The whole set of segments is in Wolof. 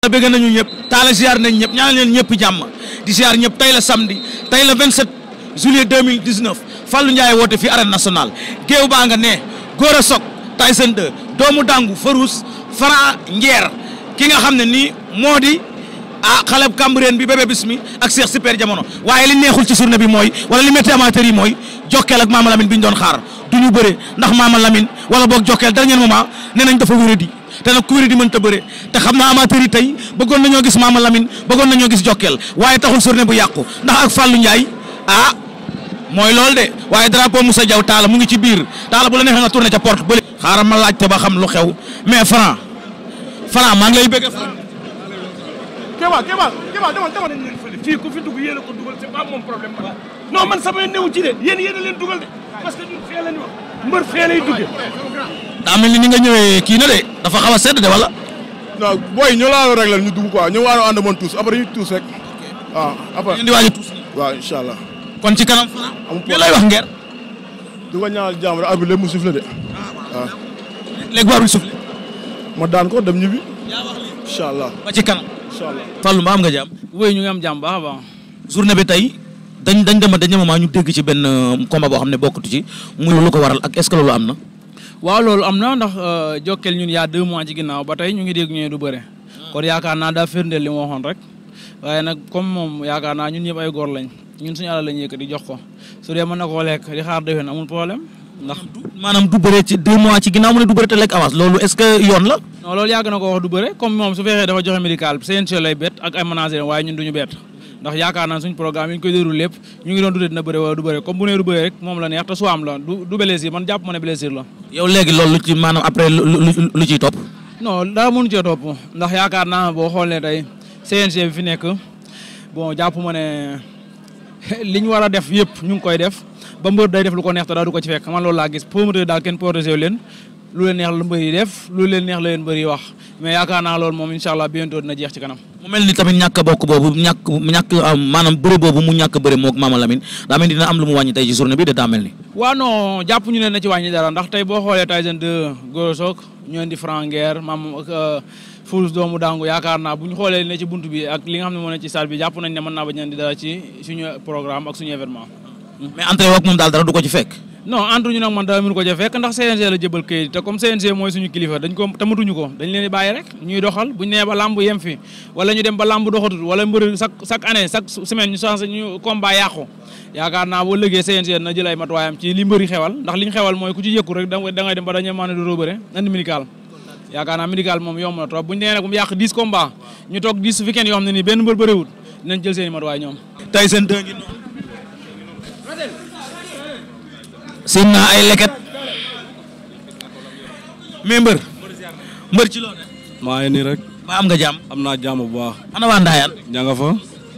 a bëgg nañu ñëpp taala ziar nañ ñëpp ñaanal leen ñëpp jàmm di ziar ñëpp tey la samedi tey la 27 juillet 2019 Fallou Ndiaye woote fi arène nationale géew baa nga ne Gora Sock Tyson 2 doomu dàngu Farouz Fara Ngeer ki nga xam ne nii moo di ah xaleb Cambérène bi bébé bismi ak Cheikh Super Jamono waaye li neexul ci journée bi mooy wala li métti amateur mooy jokkeel ak Mama Lamine bi ñu doon xaar du ñu bëre ndax Mama Lamine wala boog jokkeel dernier moment nee nañ dafa wéradi te nag ku wér di mënta bëre te xam naa amateur yi tey bëggoon nañoo gis Mama Lamine bëggoon nañoo gis Jokkel waaye taxul journée bu yàqu ndax ak Fallou Ndiaye ah mooy loolu de waaye drapeau Moussa Diaw taala mu ngi ci biir taala bu la neexee nga tourné ca porte bële. xaaral ma laajte ba xam lu xew mais Franc Franc maa ngi lay bëgg Franc. Kéba fi dugg yéen a man sama néew ci de yéen yéen a leen dugal de mbër fee lay dugge daa ni nga ñëwee kii na de dafa xaw a sedd de wala. non booy ñu la rek la ñu dugg quoi ñu war a ànd tuus après ñu tuus rek waaw ah, après. ñu di waaj a tuus waaw incha allah. kon ci kanam Franc. amul problème lay wax ngeer. du ko ñaanal jàmm rek arbitre lépp mu soufflé de waaw. Ah. léegi warul soufflé. ma daan ko dem ñibbi. incha allah ba ci kanam. incha allah Fallou ma am nga ñu ngi am jàmm baax a journée bi tey. dañ dañ dem dañ moment ñu dégg ci benn euh, combat boo xam ne bokkatu ci muy lu ko waral ak est-ce que loolu am na. waaw loolu am na ndax euh, Jokal ñun yaa deux mois ci ginnaaw tey ñu ngi dégg ñu du bëre. Ah. kon yaakaar daa firndeel li mu waxoon rek waaye moom yaakaar naa ñun ñëpp ay góor lañ ñun suñu alal jox ko su dee mën na koo lekk di xaar déwén amul problème ndax. maanaam du bëre ci deux mois ci ginnaaw mu ne du bëre te lekk avance loolu est-ce que yoon la. non loolu yàgg na ko wax du bëre comme moom su fekkee dafa joxe médical CNG lay bett ak ay manager waaye ñun duñu bett ndax yaakaar naa suñ programme yi ñu koy déroulé lépp ñu ngi doon dudee dina bëre wala du bëre comme bu nee du bëre rek moom la neex te suwaam la du du man jàpp ma ne blessure la yow léegi loolu ci maanaam après lu ciy topp non dara mënu cee topp ndax yaakaar naa boo xoolee tey CNG bi fi nekk bon jàpp ma ne li ñu war def yëpp ñu ngi koy def ba mbër day def lu ko neex te daa du ko ci fekk man loolu laa gis promoteur daal kenn protégé leen lu leen neex la mbër yi def lu leen neex la leen mbër yi wax mais yaakaar naa lool moom incha allah bientôt dina jeex ci kanam. mu mel ni tamit ñàkk bokk boobu ñàkk ñàkk euh, maanaam bëre boobu mu ñàkk bëre moog Mama Lamine daa mel ni dina am lu mu wàññi tey ci journée bi da daa mel ni. waaw non jàpp ñu ne tey boo xoolee Tyson 2 Gorosok ñoo indi Franguer maam ak euh, Fouls doomu yaakaar naa bu ñu xoolee ne ci bunt bi ak li nga xam ne moo ci salle bi jàpp nañ ne man naa ba ñaan di dara ci suñu programme ak suñu événement. mais entrée woog moom daal dara du ko ci fekk non entre ñu nag man dara mënu ko jafe fekk ndax CNG la jëbal kayit te comme CNG mooy suñu kilifa dañ ko ba làmb yem fi wala ñu dem ba làmb doxatul wala mbër chaque chaque année chaque semaine ñu changé ñu combat yàqu yaakaar naa na jël ay matuwaayam ci li mbëri xewal ndax liñ xewal mooy ku ci yëkku rek da ne doo bëre andi médical yaakaar naa médical na trop buñ nee nag mu yàq 10 combat ñu toog weekend yoo xam ne nii benn mbër bëriwul dinañ jël seen seen naa ay leket mais mbër mbër ci loolu maa ngi nii rek ba am nga jàmm am naa jàmm bu baax ana waa ndaayaan ña nga fa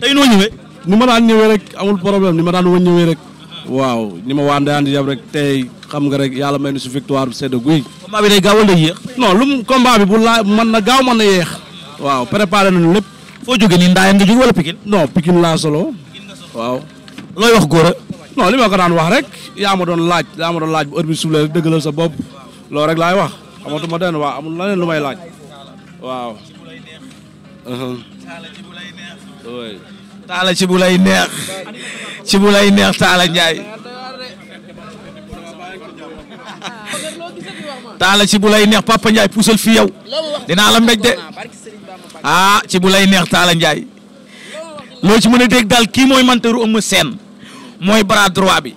tey noo ñëwee ni ma daan ñëwee rek amul problème ni ma daan woon ñëwee rek waaw ni ma waa ndaayaan di yab rek tey xam nga rek yàlla may nu si victoire bu sedd guy day gaaw wala yéex no lu mu combat bi bu laa mën na gaaw mën na yéex waaw préparé nañu lépp foo jóge nii ndaayaan nga jóge wala Pikine non Pikine laa solo waaw looy non li ma ko daan wax rek yaa ma doon laaj yaa ma doon laaj bu heure bi suuf la dëggalal sa bopp loolu rek laay wax xamatuma den waa amul leneen lu may laaj waaw. Uh-huh. taala ci bu lay neex neex taala Njaay taala ci bu lay neex papa Njaay puusal fi yow dinaa la mbéj de ah ci bu lay neex taala Njaay loo ci mën a dégg daal kii mooy mantaru mooy bras bi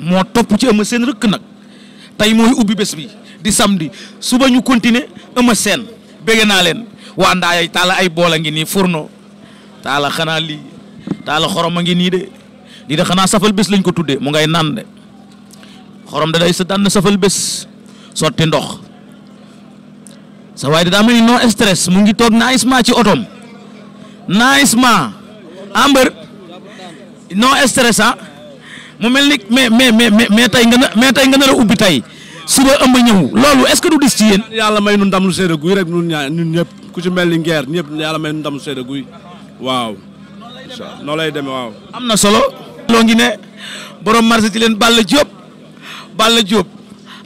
moo topp ci Eumeu Sène rëkk nag tey mooy ubbi bés bi di samedi suba ñu continuer Eumeu Sène bëgg naa leen waa ndaayay taala ay bool a ngi nii fourneau taala xanaa lii taala xorom a ngi nii de lii de xanaa safal bés lañ ko tuddee mu ngay naan de xorom da day sa daan safal bés sotti ndox sa waaye daa mel ni non stress mu ngi toog naaj ci otom naaj ma non stressant mu mel ni mais mais mais mais tey nga na mais tey nga nar a ubbi tey suba ëmb ñëw loolu est ce que du dis ci yéen. yàlla may nu ndam lu seede guy rek ñun ñaa ñun ñëpp ku ci mel ni ngeer ñëpp yàlla may nu ndam lu guy waaw. noo lay demee waaw. am na solo. loo ngi ne borom marché ci leen Balla Diop Balla Diop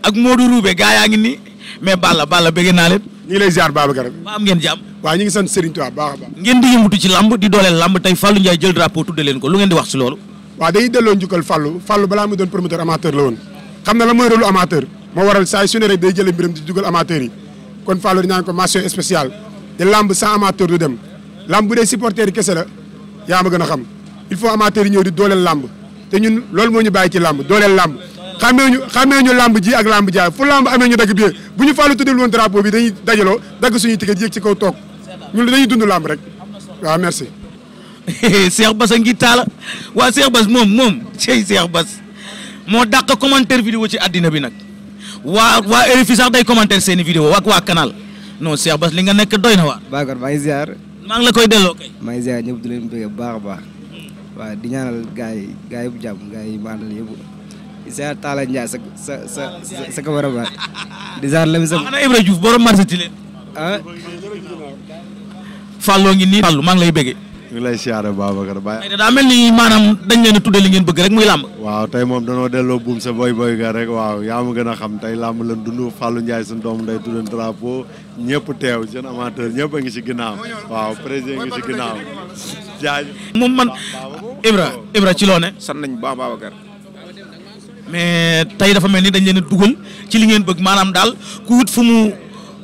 ak Modou Roubé gaa yaa ngi nii mais Balla Balla bëgg naa leen. ñu ngi lay ziar Babacar. ba am ngeen jàmm. waaw ñu ngi sant Serigne Touba baax a baax. ngeen di yëngatu ci lamb di dooleel lamb de lamb sans amateur du dem lamb a xam il faut amateur yi ñëw di dooleel lamb te ñun loolu moo ñu bàyyi ci lamb dooleel lamb xamee ñu xamee ñu lamb ji ak lamb jaay fu lamb amee ñu dagg bi bu ñu fàllu tuddee woon drapeau bi dañuy dajaloo dagg suñuy ticket yéeg ci kaw toog ñun dañuy dund lamb rek waaw merci. Cheikh Bass a ngi taala waa Cheikh moom moom cey Cheikh Bass moo dàq commentaire vidéo ci àddina bi nag waa waa RFI sax day commentaire seeni vidéo ak waa canal non Cheikh Bass li nga nekk doy na waar. Bakar maa ngi ziar. maa ngi la koy delloo kay. maa ngi ziar ñëpp di leen bëgg baax di ñaanal gars yi gars yi bu jàmm gars yi ma àndal di ziar Talla Ndiaye sa sa sa sa ko war a baat di ziar Lamine sa. ana Ibrahima Diouf borom marché Tilène. ah. Fallou ngi nii Fallou maa ngi lay bëggee. ñu ngi lay siyaare Babacar Baye. mais daa mel ni maanaam dañ leen a tuddee li ngeen bëgg rek muy làmb. waaw tey moom danoo delloo buum sa boy boy ga rek waaw yaa ma gën a xam tey làmb lan dund Fallou Ndiaye suñu doomu nday tuddee drapeau ñëpp teew jeune amateur ñëpp a ngi si ginnaaw waaw président ngi si ginnaaw jaajëf. moom man Ibra Ibra ci loo ne. sant nañu bu baax Babacar. mais tey dafa mel ni dañ leen a dugal ci li ngeen bëgg maanaam daal ku wut fu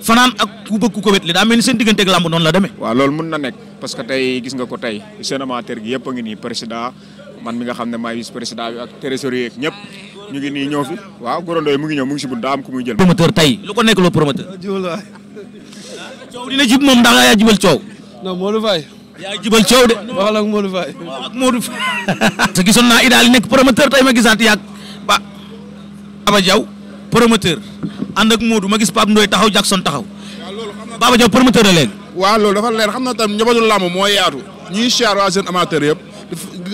fanaan ak ku bëgg ku ko wet li daa mel ni seen digganteeg làmb noon la demee. waa loolu mun na nekk parce que tey gis nga ko tey seen amateur gi yëpp a ngi nii président man mi nga xam ne maay vice président bi ak trésorier yeeg ñëpp ñu ngi nii ñëw waaw góorandoo mu ngi ñëw mu ngi si bu daa am ku muy jël. promoteur tey lu ko nekk loo promoteur. Ah, coow dina jib moom ndax yaa jibal coow. non Modou Faye. jibal coow de. te gisoon naa nekk promoteur tey ma Baba Diaw promoteur ànd ak Modou ma gis Pape Ndoye taxaw Jackson taxaw Baba Diaw promoteur la léegi. waaw loolu dafa leer xam na tam ñëbatul làmb moo yaatu ñuy siyaar waa jeune amateur yëpp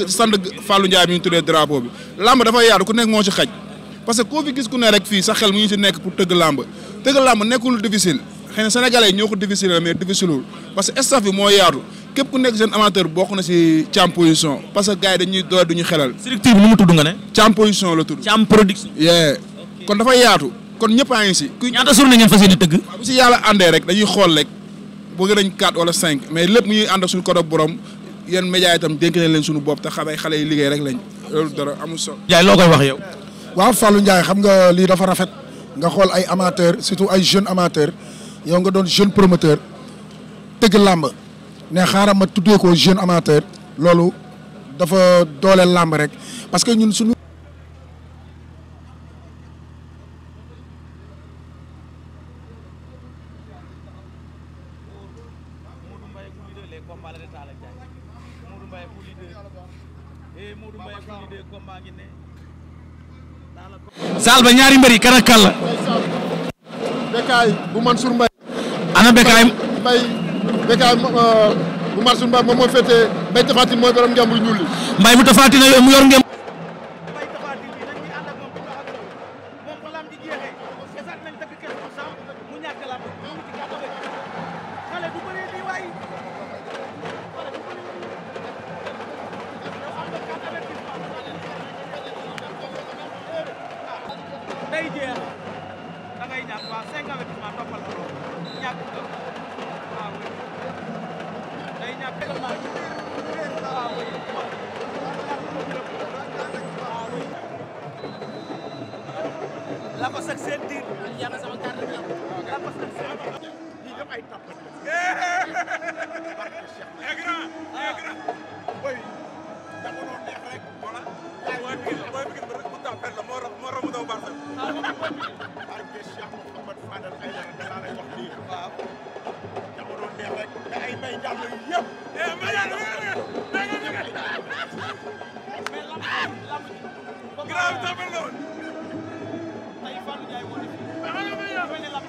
sant Fallou Ndiaye mi ñu tuddee drapeau bi làmb dafa yaatu ku nekk moo ci xaj parce que koo fi gis ku ne rek fii sa xel mu ngi ci nekk pour tëgg làmb tëgg làmb nekkul difficile. xëy na ñoo ko difficile mais difficile wul parce que staff bi moo yaatu képp ku nekk jeune amateur bokk na si Thiam Production parce que gars yi dañuy doole duñu xelal. structure nu mu tudd nga ne. Thiam Production la tudd. Thiam Production. kon dafa yaatu kon ñëpp a ngi si. ku ñaata journée ngeen fas yéene tëgg. bu si àndee rek dañuy xool rek bëgg nañ quatre wala cinq mais lépp mu ñuy ànd suñu ko borom yéen médias itam dénk nañ leen suñu bopp te xam xamay xale yi liggéey rek lañ loolu dara amul solo. loo ko wax yow. waaw Fallou Ndiaye xam nga lii dafa rafet nga xool ay amateur surtout ay jeune amateur yow nga doon jeune promoteur tëgg làmb ne xaaral ma tuddee ko jeune amateur loolu dafa dooleel làmb rek parce que ñun suñu. Saal ñaari mbër yi ana Bécaye Mbaye Bécaye euh, bu Mansour Mbaye moom moo féetee Mbaye Tapha Tine mooy mu ngembul ñuul li Mbaye bu Tapha mu yor ngemb barke Cheikh Mouhamad Fadal Aïdara danaa lay wax lii waaw dama doon neex rek te ay may jàll yëpp eh, mais lam lam grave tamit la woon ay Fallou Ndiaye moo def ah, te lam mooy dox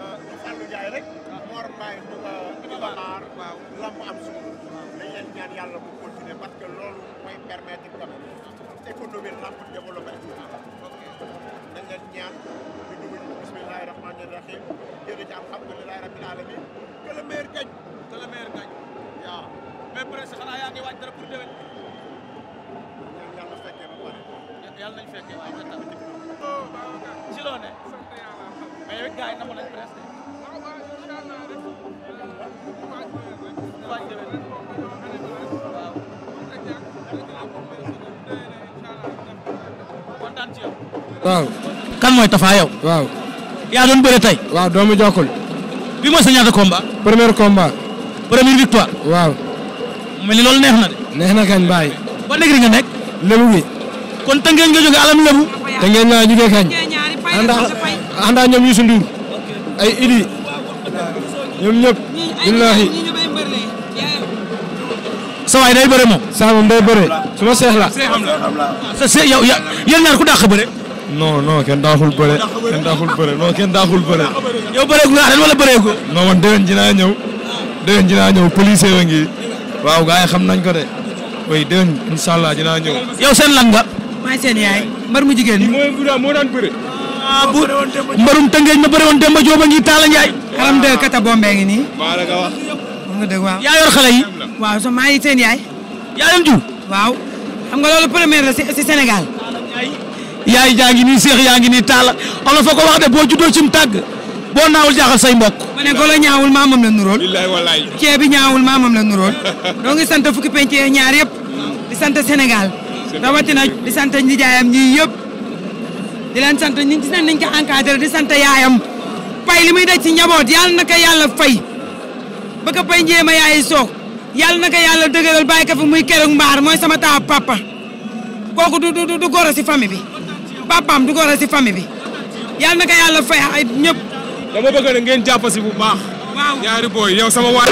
euh, Fallou Ndiaye rek Mor Mbaye ñu ko xaar waaw lam am sunu dañ leen ñaan yàlla bu continuer parce que loolu mooy permettre économie làmb développé ok dañ leen ñaan ñu dugal bismillahi rahmani rahim jëlee ci alhamdulilahi rabbil alamin que le meilleur gagne que le meilleur gagne waaw mais presque xanaa yaa ngi waaj dara pour déwén ñaan yàlla fekkee ba pare yàlla nañ fekkee waaye nga tamit ci loo ne mais yow it gars yi namu lañ presque waaj déwén waaw kan mooy Tafa yow. waaw. yaa doon bëre tey. waaw doomu Jokkul. bi mooy si ñaata combat. premier combat. première victoire. waaw. mel ni neex na de. neex na kañ bàyyi. ba léegi nga nekk. lébu gi. kon tënkee nga jóge alam lébu. tënkee naa jóge kañ. ànda ànda ñoom Youssou Ndour. ay Idi. ñoom ñëpp. billaahi. sa waay day bëre moom. saa moom day bëre. su ma seex la. yow ya yéen ñaar ku dàq bëre. no non kenn daaxul bëre kenn daaxul bëre non kenn daaxul bëre. yow bëreegul naa ren wala bëreegul. ñëw déwén dinaa ñëw police wa ngi waaw gars xam nañ ko de oui déwén incha allah ñëw. yow seen lan maa seen yaay mbar mu jigéen ñi. moo ah, tëngeej ma bëre woon Demba Diop a ngi Talla Ndiaye. xaram kata bombee ngi nii. maa la ko nga dëgg waaw yaa yor xale waaw so maa ngi seen yaay. yaa leen jiw. waaw xam nga loolu première la si Sénégal yaay jaa ngi nii seex yaa ngi nii taal olof a ko wax de boo juddoo cim tàgg boo naawul jaaxal say mbokk. ma ne ko la ñaawul maamam la nuróol. billaay wallaay ceeb bi ñaawul maamam la nuróol. doo ngi sant fukki penc ñaar yëpp. di sant Sénégal. rawatina di sant nijaayam ñii yëpp. di leen sant ni gis nañ ko encadré di sant yaayam. pay li muy daj ci njaboot yàlla na ka yàlla fay. ba ko pay njéema yaayi soog. yàlla na ko yàlla dëgëral bàyyi ko fi muy keroog mbaar mooy sama taa papa. kooku du du du goro si famille bi. papaam du ko war a si famille bi yàlla na ko yàlla fay ay ñëpp. dama bëgg na ngeen jàpp si bu sama waay.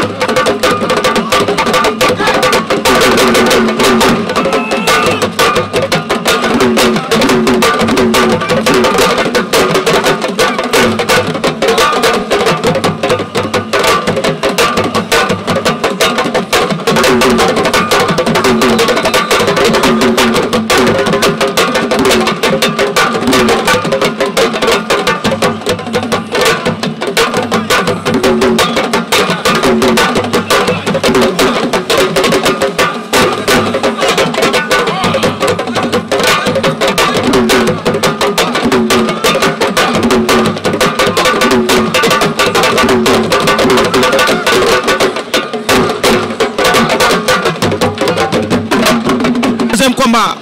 combat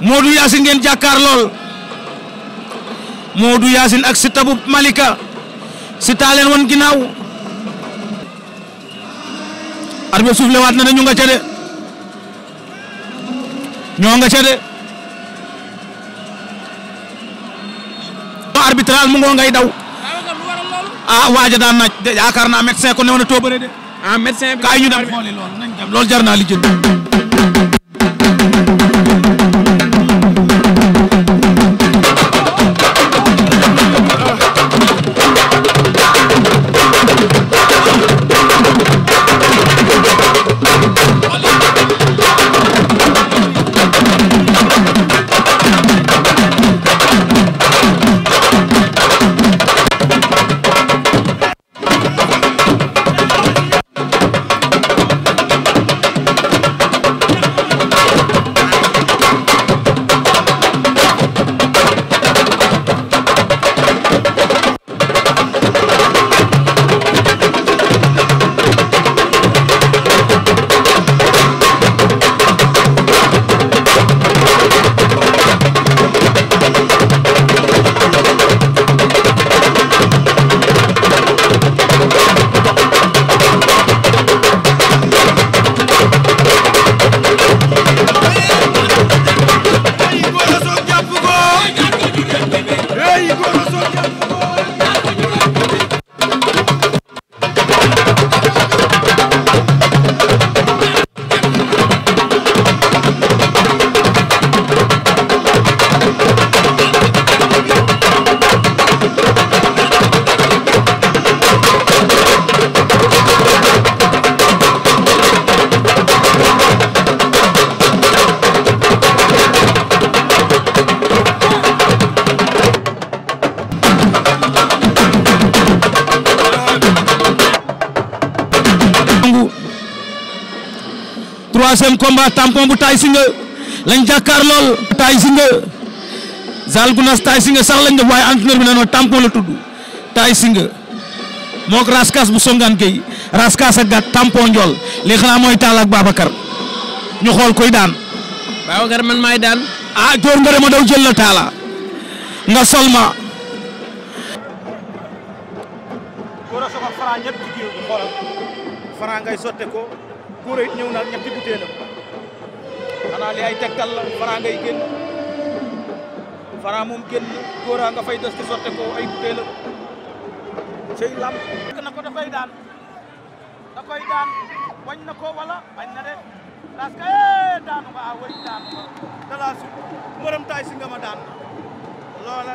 Modou Yacine ngeen jàkkaar lool Modou Yacine ak Siteu bu Malika Siteu leen won ginnaaw arbitre soufflé na ñu nga ca de ñoo nga ca mu ngoo ngay daw ah waaja daan naaj de yaakaar naa médecin ko ne woon a de ah ñu dem xooli loolu nañ troisième combat tampon bu Tay Shinger lañ jàkkaar lool Tay Shinger Zal Gounass Tay Shinger sax lañ def waaye entraîneur bi naan tampon la tudd Tay Shinger moog Raskas bu songaan kay Raskas ak gàtt tampon njool li xanaa mooy Talla ak Babacar ñu xool koy daan. Babacar man maay daan. ah Dior Ngare ma daw jël la Talla nga sol ma. góor it ñëw na ñetti butéelam xanaa li ay tegtal la Franc ngay génn Franc moom génn góor a nga fay des sotte ko ay butéelam cey lam na ko da daan da koy daan bañ na ko wala de parce que eh, daanu nga a ah, way daanu nga taay si nga daan loola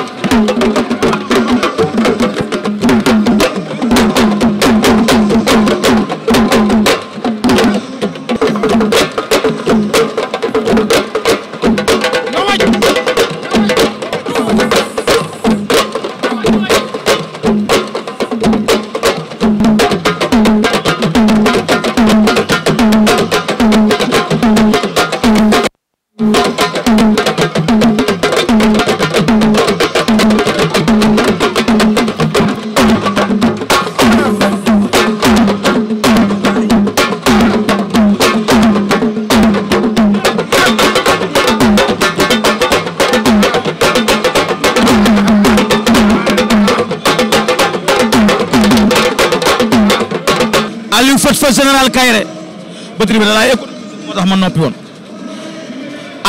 noppi woon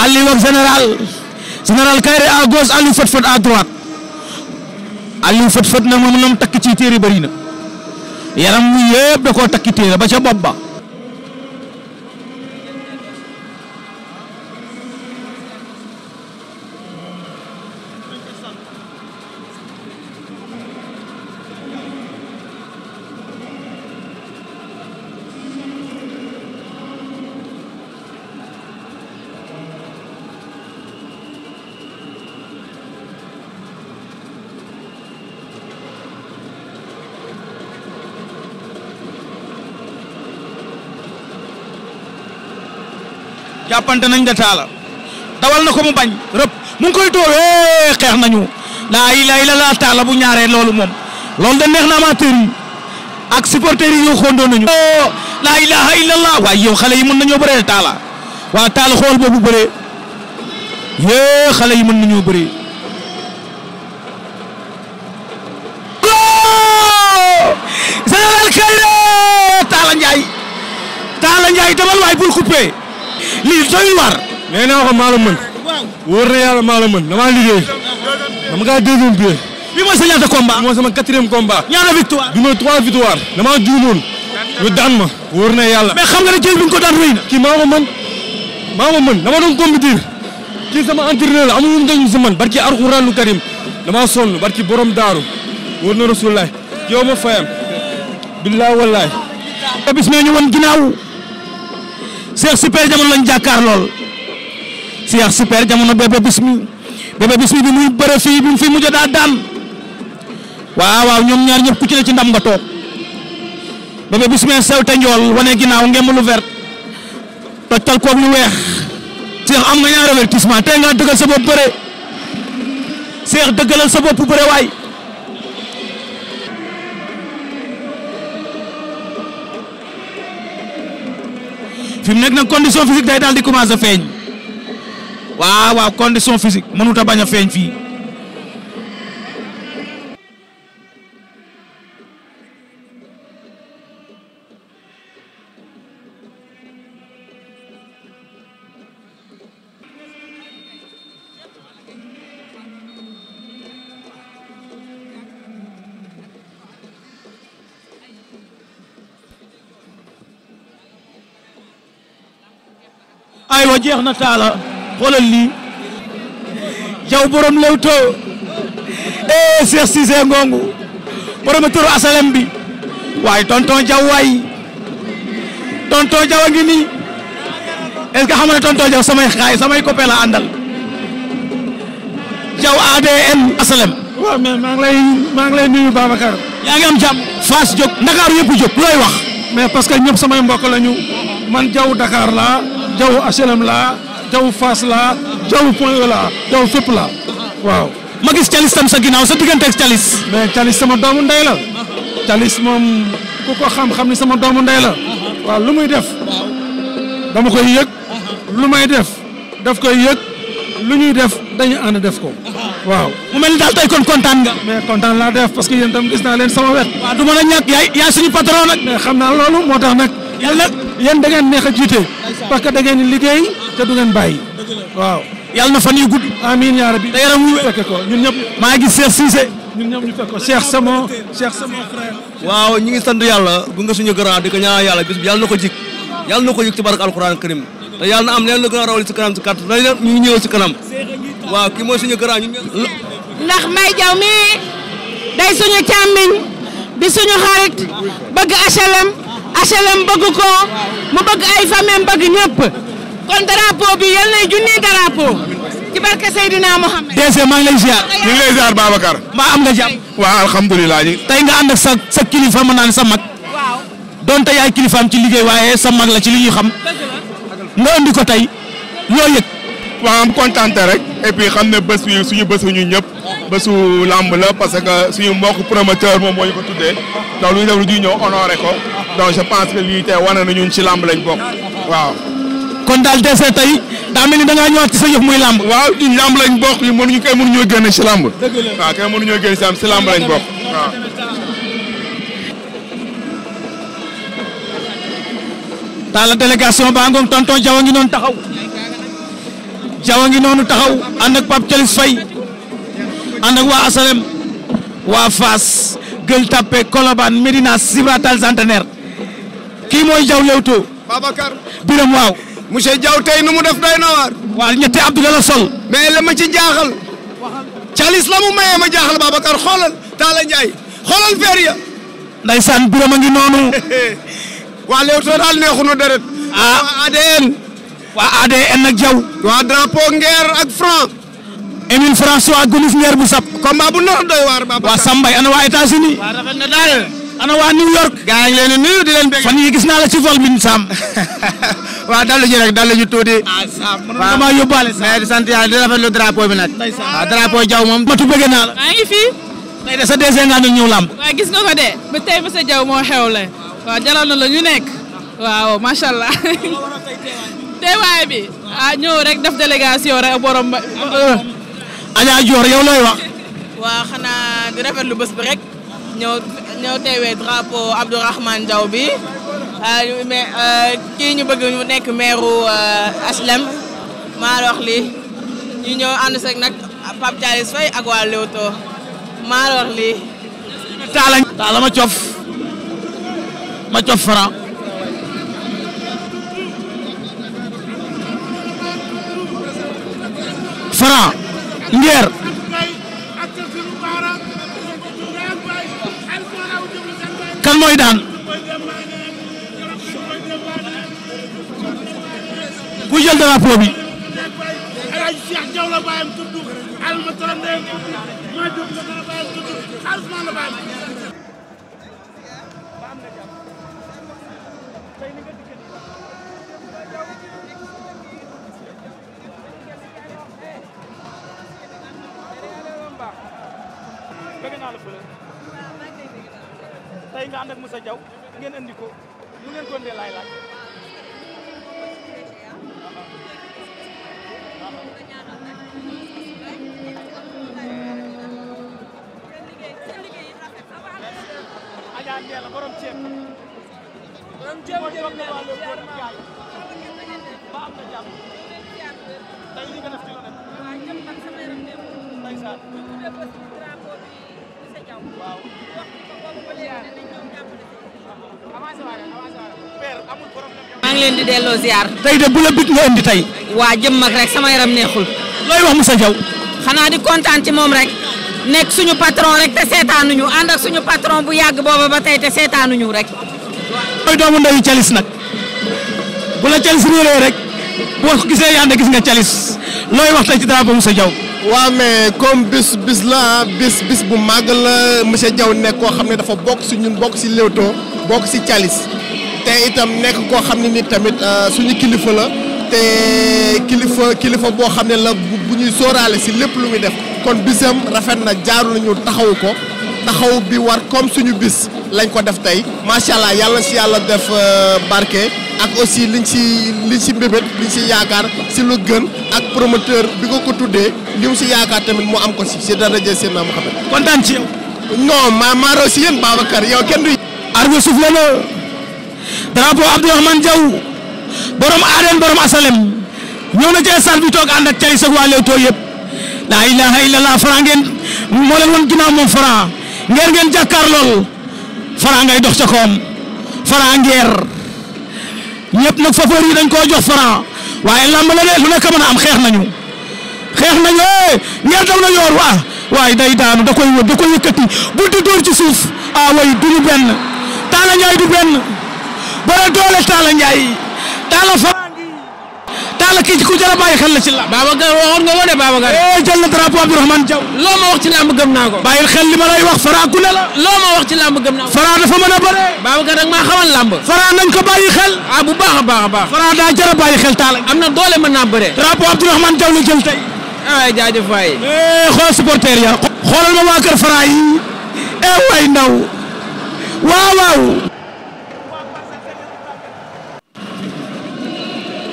Aliou ak général général Kairé à gauche Aliou Fat Fat à droite Aliou Fat Fat nag moom mu takk ci téere bëri na yaram wi ca bopp jàppante nañ de taala dawal na ko mu bañ rëb mu ngi koy dóor eh, xeex nañu laa ilaaha illallaah taala bu ñaaree loolu moom loolu de neex na amateur yi ak supporter yi ñoo xondoon nañu. Oh, laa ilaaha illallaah waaye yow xale yi mën nañoo bëree taala waa taala xool boobu bëree yee xale yi mën nañoo bëree. doyul waar. nee naa ko maa la mën. wóor na yàlla maa la mën damaa liggéey. dama kaa deuxième biir. bi mooy sa ñaata combat. bi mooy sama quatrième combat. ñaata victoire. bi mooy trois victoire. damaa juumoon. ñu daan ma. wóor na yàlla. mais xam nga ne jël bi ko daan rëy na. kii maa ma mën. maa ma mën dama doon compétir. kii sama entraîneur la amuñu dañu si man barki Alxuraanu Karim damaa sonn barki borom daaru wóor na Rasulullaay yow ma fayam. billaay wallaay. bis ñu wan ginnaaw. Cheikh supper jamono lañu jàkkaar lool Cheikh Super jamono Bébé Bismi Bébé Bismi bi muy bëre fii bi mu fi mujj daa daan waaw waaw ñoom ñaar ñëpp ku ci ci ndam nga toog Bébé Bismi sew te njool wane ginnaaw ngemb lu vert tojtal koog lu weex Cheikh am nga ñaar avertissement tey nga dëggal sa bopp bëre Cheikh dëggalal sa bopp bëre waay. fi mu nekk nag condition physique day daal di commencer feeñ waaw waaw condition physique mënut a bañ a feeñ fii. aywa jeex na taala xoolal lii yow borom Leewtoo eh Cheikh Cissé Ngongu promoteur asalem bi waaye tonton Diaw waay tonton Diaw a ngi nii est-ce que xam nga ne tonton Diaw samay xaay samay copain la àndal Diaw ADN asalem. waaw mais maa ngi lay maa ngi lay yaa ngi am jàmm. Fass jóg Ndakaaru yëpp jóg looy wax. mais parce que ñëpp samay mbokk lañu man Diaw Dakar laa. jaww HLM laa jaww Fass laa jaww Point E laa jaww fépp laa waaw. ma gis Thialis tam sa ginnaaw sa diggante ak Thialis. mais Thialis sama doomu nday la Thialis moom ku ko xam-xam ni sama doomu nday la waaw lu muy def dama koy yëg lu may def def koy yëg lu ñuy def dañu ànd def ko waaw. mu mel ni daal tey kon kontaan nga. mais kontaan laa def parce que yéen gis naa leen sama wet. waaw du mën a ñàkk yaay yaay suñu patron nag. mais xam naa loolu moo tax nag. yéen da neex a jiite parce que da ngeen liggéey te du ngeen bàyyi na fan yu gudd amiin yaa rabbi maa ngi Cheikh Cissé ñun ñëpp ñu waaw ñi ngi sant yàlla bu nga suñu grand di ko yàlla bis bi yàlla na ko jik yàlla na ko jik ci barke alquran karim te yàlla na am leen la gën a rawal ci kanam ci kàtt dañ ñu ngi ñëw ci kanam waaw kii mooy suñu grand ndax may jaw mi day suñu càmmiñ di suñu xarit bëgg HLM HLM bëgg ko mu bëgg ay famille bëgg ñëpp kon drapeau bi yal nay junni drapeau ci barke Seydina Mohamed. DG maa ngi lay ziar. ñu ngi lay am nga jàmm. waaw alhamdulilah. tey nga ànd sa sa kilifa ma naan sa mag. waaw donte yaay kilifaam ci liggéey waaye sa mag la ci li ñuy xam. nga andi ko tey loo yëg. waaw am kontaan rek. et xam ne bés bi suñu bés ñu ñëpp. bésu làmb la parce que suñu mbokk promoteur moom moo ñu ko tuddee ñu def lu ñuy ñëw honoré ko donc je pense que na ñun ci làmb lañ bokk waaw. kon daal dese tey daa mel ni da ngaa làmb. waaw ñun lañ bokk ñu mënuñu kay mënuñoo génne ci làmb. dëgg la waaw kay mënuñoo génne ci làmb ci làmb lañ bokk waaw. daal la délégation baa ngoog tonton Diaw ngi noonu taxaw Diaw a ngi noonu taxaw ànd ak Pape Thialis Faye ànd ak waa Asalem waa Fass Gueule Tapée Colobane Médina Gibraltar kii mooy Diaw Leewtoo. Babacar Birame waaw. monsieur Diaw tey nu mu def doy na waar. waa ñetti Abdou la sol. mais la ma ci jaaxal. calis la mu mayee ma jaaxal Babacar xoolal Talla Ndiaye xoolal feer ya. ndaysaan Birame a ngi noonu. waa Leewtoo daal neexunu deret. ah ADN. waa ADN ak Diaw. waa drapeau Nguer ak Franc. Émile François Gomis Ngeer bu sap combat bu nar doy waar ba waa Sambay ana waa états na daal ana waa New York gaa ngi leen nuyu di leen bëgg fan yi gis naa la ci vol bi Sam waa dalu ji rek dalu ji tuuti ah, waaw dama yóbbaale di sant yàlla di rafetlu drapeau bi nag jaw moom matu bëgg naa la maa ngi fii tey de sa deuxième nga ñëw lamb waaw gis nga ko de ba tey ba jaw moo xew la waaw jaral na la ñu nekk waaw macha allah teewaay bi ah ñëw rek def délégation rek borom ba ah, ah. Adja Dior yow looy wax. waaw xanaa di rafetlu bés bi rek ñëw ñëw teewee drapeau Abdourahmane Diaw ah, euh, kii ñu bëgg mu nekk maire HLM euh, maa la wax lii ñu ñëw nag Pape Thialis Faye ak waa Leewtoo maa Taala ma cof ma cof Franc. ngeer kan mooy daan ku jël drapeau tey nga ànd ak Moussa Diaw ngeen andi ko ngeen ko ndee laay laaj. Adja Ndella ceeb. borom ceeb jërëjëf nga waa Léopold Ndiaye ba am na jàmm. tey li nga def ci lu nekk. waaw jëm nag sama maa ngi leen di delloo ziar. tey de bu la bit nga indi tey. waa jëm rek sama yaram neexul. looy wax mu sa Diaw. xanaa di kontaan ci moom rek. nekk suñu patron rek te seetaanuñu ànd suñu patron bu yàgg booba ba tey te seetaanuñu rek. mooy doomu ndeyu calis nag bu la calis réeree rek boo ko gisee yaa ngi gis nga calis looy wax tey ci drapeau sa Diaw. waaw mais comme bis bis la bis bis bu màgg la monsieur Diaw nekk koo xam ne dafa bokk si ñun bokk si Leewtoo bokk si Thialis te itam nekk koo xam ne ni tamit euh, suñu kilifa la te kilifa kilifa boo xam ne la bu ñuy sóoraale si lépp lu muy def kon bisam rafet na jaaru nañu taxawu ko taxaw bi war comme suñu bis lañ ko def tey macha allah yàlla si yàlla def euh, barke ak aussi liñ si liñ si mbébét liñ si yaakaar si lu gën ak promoteur bi ko ko tuddee li si yaakaar tamit moo am ko si si dara jël seen naam Mouhamed. kontaan ci yow. non maa maa rosi yéen Babacar yow kenn du. arbitre soufflé na drapeau Abdourahmane Diaw borom aareen borom asalem ñoo na ci stade bi toog ànd ak cay sëg waa Leewtoo yëpp laa ilaaha illallah Franc ngeen moo leen woon ginnaaw moom ngeer ngeen jàkkaar lool Franc ngay dox ca koom Franc ngeer ñëpp nag favori yi dañ koo jox Franc waaye la de lu nekk mën am xeex nañu xeex nañu eh, ngeer daw na yoor wa waaye day daanu da koy wër da koy bu di dóor ci suuf ah way duñu benn Talla Ndiaye du benn bara doole Talla Ndiaye Talla Franc naa la kii ku jar a bàyyi xel la ci la Babacar waxoon nga ko de Babacar eh, jël na drapeau Abdourahmane Diaw loo ma wax ci làmb gëm naa ko bàyyil xel li ma lay wax Fara ku ne la loo ma wax ci làmb gëm naa ko Fara dafa mën a bëre Babacar nag maa xamal làmb Fara nañ ko bàyyi xel ah bu baax a baax a baax Fara daa jar a bàyyi xel taala am na doole mën naa bëre drapeau Abdourahmane Diaw la jël tey ah, ay jaajëf waay eh, xool supporter ya xoolal ma waa kër Fara yi e eh, way ndaw waaw waaw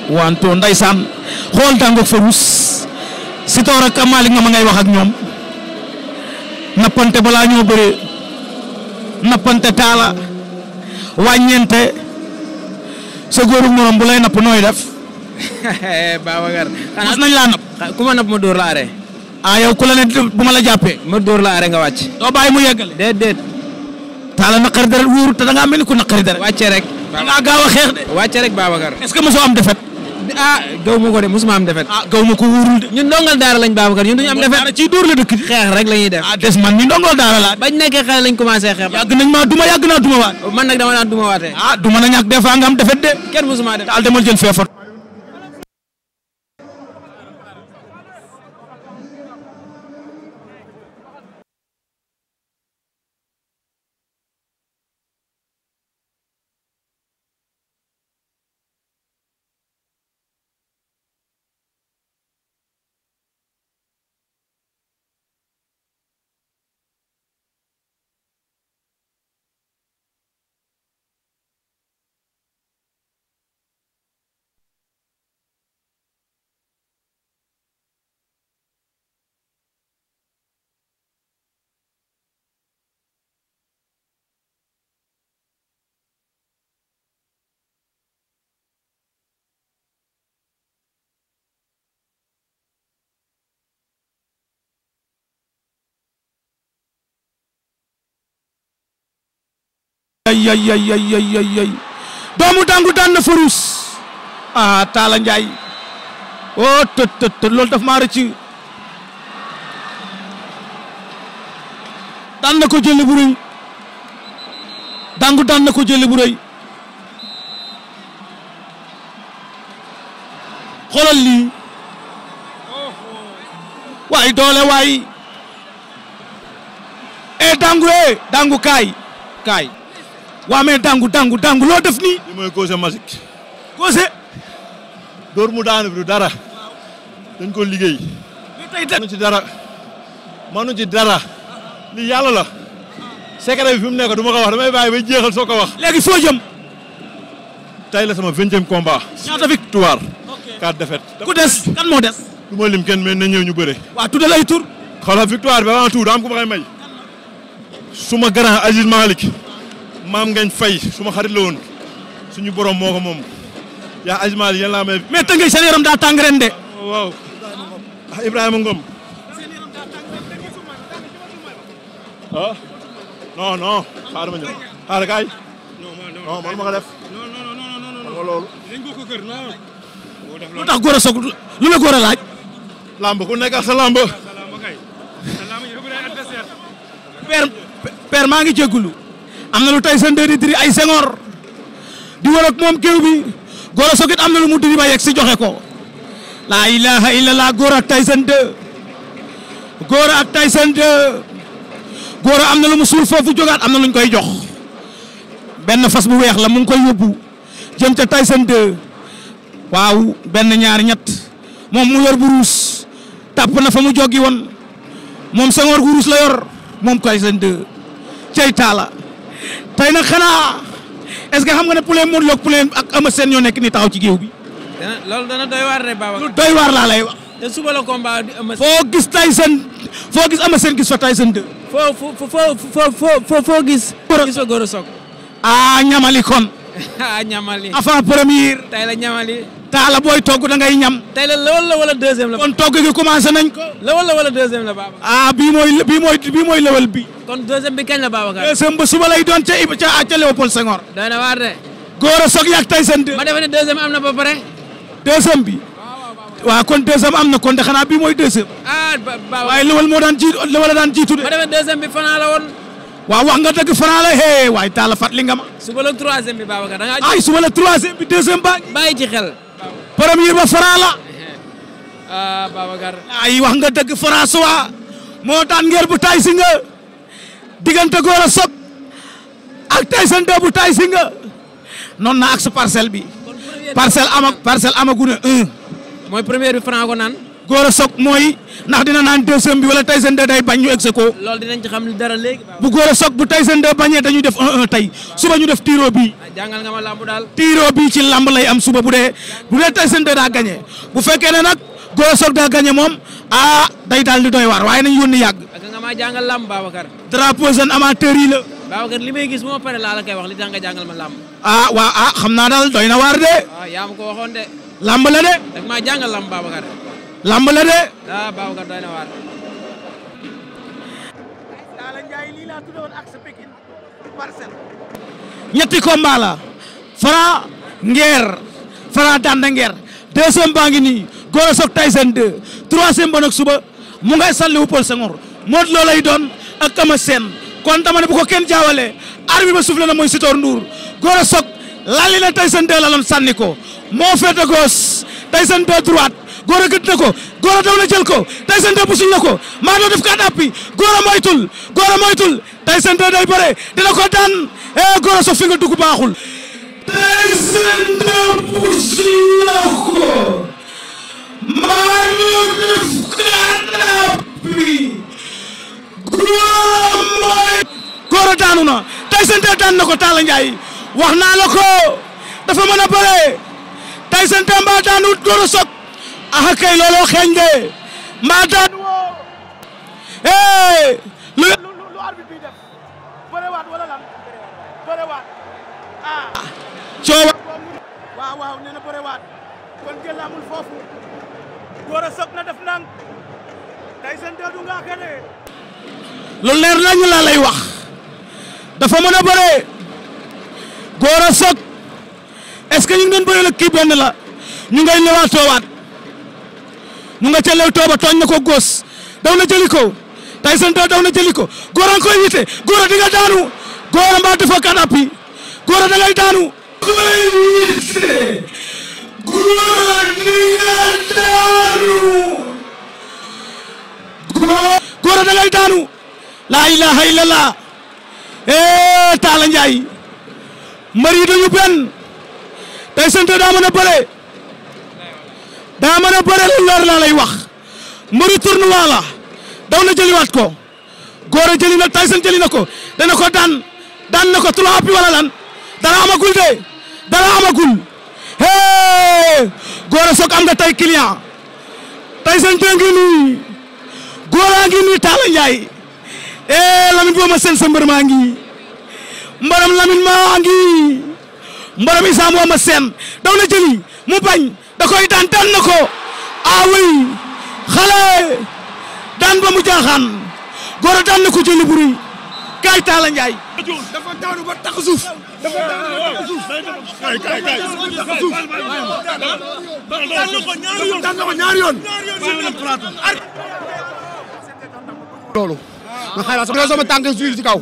wanto ndaysaan xool tàngoog Farouz Sitor ak Malick nga ma ngay wax ak ñoom nappante balaa ñoo bëre nappante taala wàññeente sa góoru morom bu lay napp nooy def. Babacar. mos nañ laa napp. ku ma napp ma dóor la are. ah yow ku la bu ma la jàppee. ma dóor la are nga wàcc. doo mu yeggale. déedéet. taala naqari deret wóorut te da ngaa mel ni ku naqari deret. wàcce rek. da ngaa gaaw a xeex de. wàcce rek Babacar. est-ce que mosoo am defet ah gaw ko de mosuma am defet ah ma ko wóorul de ñun ndongal daara lañ Babacar ñun duñu am defet ci dóor la dëkk ñuy def ah des man ni ndongal daara laa bañ nekkee xale lañ commencé xeex yàgg nañ maa duma yàgg naa duma waat man nag dama naan duma waatee ah am defet de kenn mosuma def daal ay ay ay ay ay ay doomu dangu daan na Farouz ah Talla tët tët tët loolu daf maa ko jëli bu dangu daan ko jëli bu rëy doole waay e dangu e dangu kaay kaay waa mais dangu dangu dangu loo def nii. li mooy cause magique. cause. dóor mu daanu bi du dara. dañ ko liggéey. mais tey manu ci dara. manu ci dara. li yàlla la. secret bi fi mu nekk du ma ko wax damay bàyyi bay jeexal soo ko wax. léegi foo jëm. tey la sama vingtième combat. ñaata victoire. ok quatre défaites. ku des kan moo des. du ma lim kenn mais na ñëw ñu bëre. waaw tuddal ay tur. xoolal victoire bi avant tout da am ku ma koy may. suma grand Aziz Malick. maam ngañ fay suma xarit la woon suñu borom moo ko moom yaa ajmal yéen laa may. mais tënkee seen yaram daa tàng de. Oh, ah Ibrahima Ngom. ah non ma ñëw xaaral kaay. non ma ko def. xam nga loolu. lu la góor laaj. lamb ku nekk ak lamb. père maa ngi jégalu. am na lu Tyson 2 di diri ay Senghor di war ak moom kéew bi Gora Socket am na lu mu diri ba yegg si joxe ko laa ilaha illallah Gora ak Tyson 2 ak Tyson 2 Gora am na lu mu suul foofu jogaat am na luñ koy jox benn fas bu weex la mu ngi koy yóbbu jëm ca Tyson waaw benn ñaar ñett moom mu yor bu ruus tàpp na fa mu joggi woon moom Senghor gu ruus la yor moom Tyson 2 cey taala tey nag xanaa est-ce que xam nga ne poulet Modou Lo ak poulet ak Ama nekk nii taxaw ci géew bi. dana loolu dana doy waar de Babacar. lu doy waar laa lay wax. te suba la combat di Ama Sène. foo gis Tyson foo gis Ama Sène gis fa Tyson 2. foo foo foo foo foo gis. Goro Sock gisoo Goro Sock. ah ñamali kon. ah ñamali. avant première. tey la ñamali. taala booy togg da ngay ñam. tey la lawal la wala deuxième la. kon togg gi commencé nañ ko. lawal la wala deuxième la baba. ah bii mooy bii mooy bii mooy lawal bi. kon deuxième bi kañ la Babacar. deuxième ba suba lay doon ca ca ca Léopold Senghor. doy na waar de. góor a soog yàgg tey ma defe ne am na ba pare. deuxième bi. waaw kon deuxième am na kon de xanaa bii mooy deuxième. ah lawal moo daan jiitu a de. waaw wax nga dëgg Franc la hee waaye Talla fàttali nga ma. suba la troisième bi Babacar da ay suba la troisième bi deuxième baa ngi. bàyyi ci ba Franc la. Ah, ay wax nga dëgg François moo daan ngeen bu tay si nga diggante góor a sob ak tay seen bu tay si nga noonu na ak su parcelle bi. parcelle ama parcelle amaguna un. mooy premier bi Franc ko naan. góor a soog mooy ndax dina naan deuxième bi wala Tyson 2 day bañ ñu exe ko. loolu dinañ ci xam dara léegi. bu góor a soog bu Tyson 2 bañee dañuy def 1-1 tey suba ñu def tiro bi. Ah, jàngal nga ma làmb daal. tiro bi ci làmb lay am suba bu dee bu dee Tyson 2 daa gagné bu fekkee ne nag góor a soog daa gagné moom ah day daal di doy waar waaye nañ yónni yàgg. ak nga ma jàngal làmb Babacar. drapeau jeune amateur yi la. li may gis moo pare laa la koy wax li tax jàngal ma làmb. ah waa ah, xam naa daal doy na waar de. waaw ah, ko waxoon de. làmb la de. dag maa jàngal làmb Babacar. lamb de. Ah, ñetti combat la. Franc Nguer Franc daan na Nguer deuxième baa ngi nii Gora Sock Tyson 2 troisième ba nag suba mu ngay sànni Léopold Senghor Modou Lo lay doon ak Ama Sène kon dama bu ko kenn jaawalee arbitre ba soufflé na mooy Sitor Ndour Gora Sock lali na Tyson 2 la doon ko moo féete gauche Tyson 2 droite. góor a gëdd na ko góor a daw na jël ko Tyson 2 pusul na ko maa doo def ka dàppi góor a moytul góor a moytul Tyson 2 day bëre dina ko daan eh góor a sof fi nga dugg baaxul. Tyson 2 ko maa doo def ka dàppi góor a moytul. daanu na Tyson 2 daan na ko Talla Ndiaye wax la ko dafa mën a bëre Tyson 2 daanu góor a axa kay looloo xeeñ de mbaa woo hey lu lu arbitre bi def bërewaat wala lan bërewaat ah coowa waaw waaw nee na bërewaat kon jël a sëb na def nang day seen deedu nga xene lu leer lañu la lay wax dafa mën a bëre góor a sëb est-ce que ñu ngi bëre la kii benn la ñu ngay lewaatoowaat mu nga tooba tooñ na ko góos daw na jëli ko Tyson daw na jëli ko góor koy wite góor a daanu góor a mbaa defoo kat appi daanu koy wite daanu laa ilaaha illallah ee eh, Talla Ndiaye mbër yi dañu benn Tyson daa mën daa mën a bëre lu leer laa lay wax mbëru tournoi la daw na jëliwaat ko góor a jëli na Tyson jëli na ko dana ko daan daan na ko trois appuis wala lan dara amagul de dara amagul hee góor a soog am na tay client Tyson jëli ngi nii góor a ngi nii Talla Ndiaye eh, hee boo ma seen sa mbër maa ngi mbaram Lamine maa ngi mbaram Issa moo ma seen daw na jëli mu bañ da koy daan daan na ko ah oui xale daan ba mu jaaxaan góor a daan na ko jëli bu rëy kaay Talla Ndiaye. dafa daanu ba tax suuf. dafa daanu ba tax suuf. kaay kaay kaay suuf. daan na ko ñaari yoon daan na ko ñaari yoon. loolu. man xayma sama tànk suuf si kaw.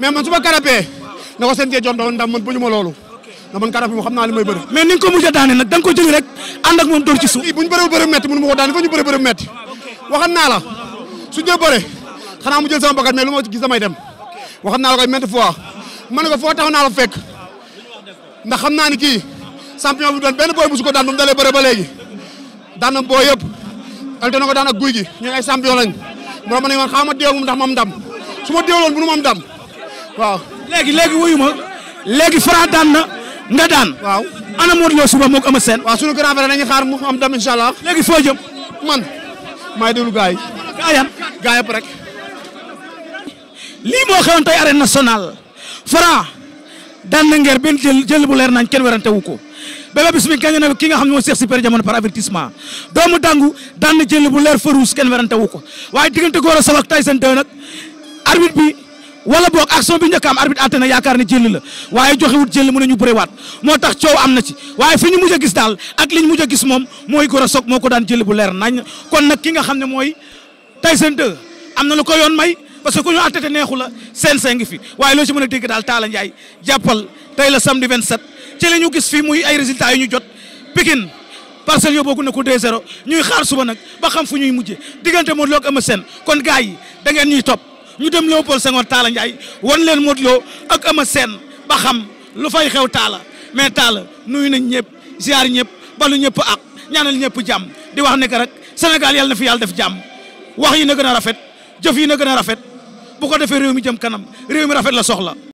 mais man su ma karapee. na ko seen jee jom doon ndam man buñu ma loolu. na man karaaf bi moom xam naa li may bëri ko mujj a daane nag da nga ko jëli rek ànd ak moom dóor ci suuf buñu bëri bëri metti mënu ma ko fa ñu bëri bëri metti la su dee bëre mu jël sama bakkat mais lu ma gis damay dem waxan naa la koy maintes fois ma ne ko foo tax na la fekk ndax xam naa ni kii champion bi doon benn booy su ko daan moom dalee bëre ba léegi daan na booy yëpp alte na ko daan a guy gi ñu ay champion lañ mu ma ne man xaama deew moom ndax ma am ndam su ma deewloon bu ma am ndam waaw léegi léegi wuyu ma léegi daan na nga daan waaw ana Modou Lo suba moog Ama Sène waaw suñu grand frère dañuy xaar mu am dam incha allah léegi man maay déglu gars yi gaa yan gaa yëpp rek lii moo xewoon tey arène nationale Franc daan na ngeer benn jël jël bu leer nañ kenn werante wu ko Bébé Bismi gañe na ki nga xam ne mooy Cheikh Super Jamono par avertissement doomu dangu daan na jël bu leer farouus ken werante wu ko waaye diggante góor a sabak Tyson 2 nag bi wala boog action bi njëkk am arbitre àtte na yaakaar ne jël la waaye joxewut jël mu ne ñu bëriwaat moo tax coow am na ci waaye fi ñu mujj a gis daal ak li ñu mujj a gis moom mooy Gora Sock moo ko daan jël bu leer nañ kon nag ki nga xam ne mooy tey Tyson 2 am na lu ko yoon may parce que ku ñu àtte te neexu la seen ngi fi waaye loo ci mën a dégg daal Talla Ndiaye jàppal tey la samedi 27 ci la ñu gis fii muy ay résultat yu ñu jot Pikine parcelle yoo bokku na ko 2-0 ñuy xaar suba nag ba xam fu ñuy mujje diggante Modou Lo ak Eumeu kon gars yi ngeen ñuy topp ñu dem Léopold Senghor Talla Ndiaye wan leen Modou loo ak am a Sène ba xam lu fay xew taala mais Talla nuyu nañ ñëpp ziar ñëpp balu ñëpp ak ñaanal ñëpp jàmm di wax ne que rek Sénégal yàlla na fi yàlla def jàmm wax yi na gën a rafet jëf yi na gën a rafet bu ko defee réew mi jëm kanam réew mi rafet la soxla.